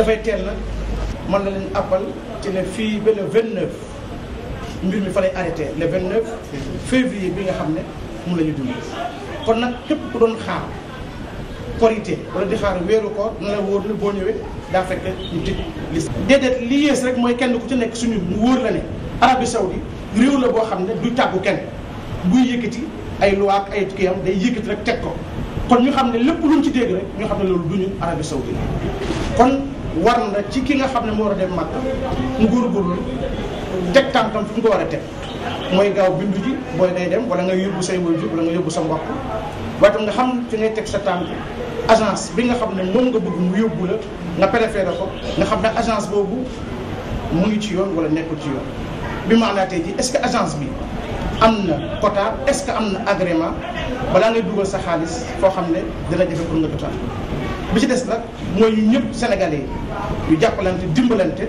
dafay teel nag mën na leen appal ci ne fii ba vingt 29 mbir mi fa lay arrêté le 29 février bi nga xam ne mun nañu ñu dund kon nag képp ku doon xaar korité wala di xaar weeru koor na la wóor ne boo ñëwee daa fekk ñu tëj li déedéet li yées rek mooy kenn ku ci nekk suñu mu wóor la ne Arabie Saoudi réew la boo xam ne du tàggu kenn buy yëkkati ay loi ak ay tukiyam day yëkkati rek teg ko kon ñu xam ne lépp luñ ci dégg rek ñu xam ne loolu duñu Arabie Saoudi kon war na ci ki nga xam ne moo war a dem Màkka mu góorgóorlu teg tànkam fu mu ko war a teg mooy gaaw bindu ji booy day dem wala nga yóbbu say waajur wala nga yóbbu sa mbokk waaye tam nga xam fi ngay teg sa tànk agence bi nga xam ne moom nga bugg mu yóbbu la nga préféré ko nga xam ne agence boobu mu ngi ci yoon wala nekkul ci yoon bi maanaa tey ji est-ce que agence bi am na quota est-ce que am na agrément balaa ngay dugal sa xaalis foo xam ne dina jafe pour nga bi ci des nag mooy ñu ñëpp sénégalais yi ñu jàppalante dimbalante